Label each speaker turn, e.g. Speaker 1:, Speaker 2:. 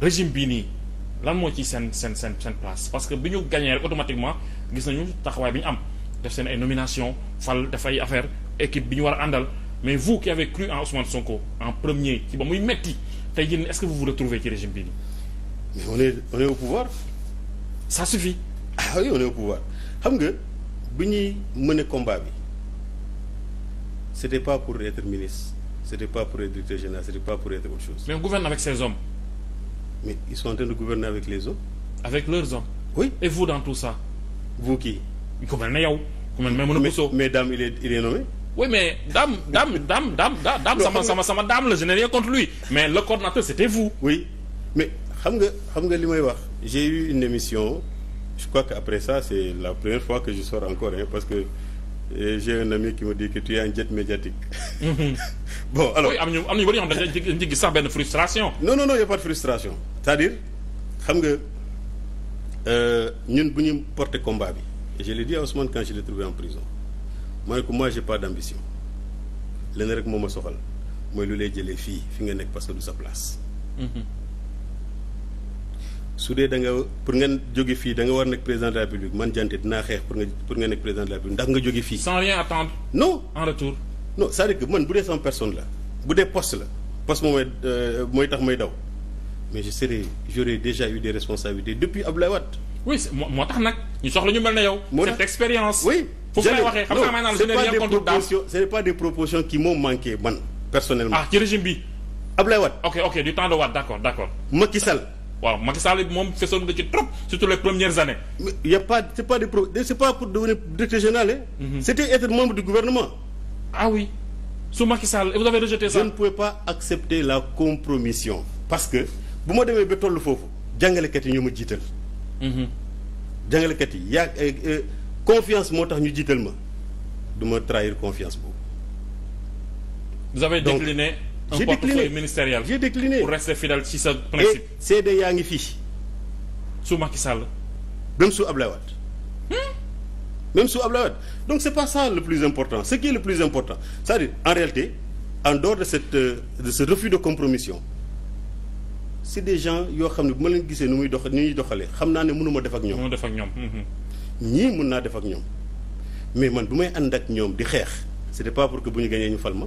Speaker 1: régime bii nii lan moo ci seen seen seen seen place parce que bi ñu gagné rek automatiquement gis nañu taxawaay bi ñu am def seen ay nomination fal def affaire équipe bi ñu war a àndal mais vous qui avez cru en Ousmane Sonko en premier ci ba muy metti tey jii est-ce que vous vous retrouvez ci régime bii nii. mais on est on est au pouvoir. ça suffit. ah oui on est au pouvoir xam nga bi ñuy mëne combat bi c'était pas pour être ministre c'était pas mais ils sont en train de gouverner avec les autres. avec leurs hommes. oui et vous dans tout ça. vous qui. ku yow. ku mel ne Maimouna mais mais Dame il est il est nommé. oui mais Dame Dame Dame Dame Dame sama sama sama Dame la je n'ai rien contre lui mais le coordonnateur c'était vous. oui mais xam nga xam nga li may wax. j'ai eu une émission je crois que après ça c'est la première fois que je sors encore parce que euh, j'ai un ami qui me dit que tu es un bon alors oui am ñu am ñu bëri ñoo xam ne dañu gis sax benn frustration. non non non y' frustration c'est-à-dire xam nga euh, ñun bu ñu porter combat bi et je l'ai dit à Ousmane quand je l'ai trouvé en prison ma ne ko moi j'ai pas d'ambition lenn rek moom ma soxal mooy lu lay jëlee fii fi nga nekk parce que du sa place. Mhm. su dee da nga pour nga jóge fii da nga war nekk président de la République man jante dina xeex pour nga pour nga nekk président de la République ndax nga jóge fii. sans rien attendre. non en retour. non c'est-à-dire que man bu dee sama personne la bu dee poste la poste moom mooy euh, mooy tax may daw mais je serais j'aurais déjà eu des responsabilités depuis Abdoulaye Wade. oui moo tax nag ñu soxla ñu mel ne yow. moo tax oui foofu lay waxee xam nga maanaam je n'ai rien contre daal ce n'est pas des propositions qui m'ont manqué man personnellement. ah ci régime bi. Abdoulaye Wade. ok ok du temps de Wade d'accord d'accord. Macky waaw Macky moom fesoon nga ci a pas c'est pas des ah oui su Macky Sall vous avez rejeté ça. je ne pouvais pas accepter la compromission parce que bu ma demee ba toll foofu jàngalekat yi ñoo ma jiital. Mhm. jàngalekat yi yaa eh, eh, confiance moo tax ñu jiital ma duma ma confiance boobu. vous avez décliné donc, un portefeuille ministériel. j'ai décliné ci sa principe. et yaa ngi fii. su Macky Sall. même su Ablaye Wade. même sous Abdoulaye Wade donc c'est pas ça le plus important ce qui est le plus important cest dire en réalité en dehors de cette euh, de ce refus de compromission c'est des gens yoo xam ne bu ma leen gisee nu muy dox ni ñuy doxalee xam naa ne mënuma def ak ñoom. mënuma mhm. ñii mun naa def ak ñoom mais man bu may ànd ak ñoom di xeex c'était pas pour que bu ñu gañee ñu fal ma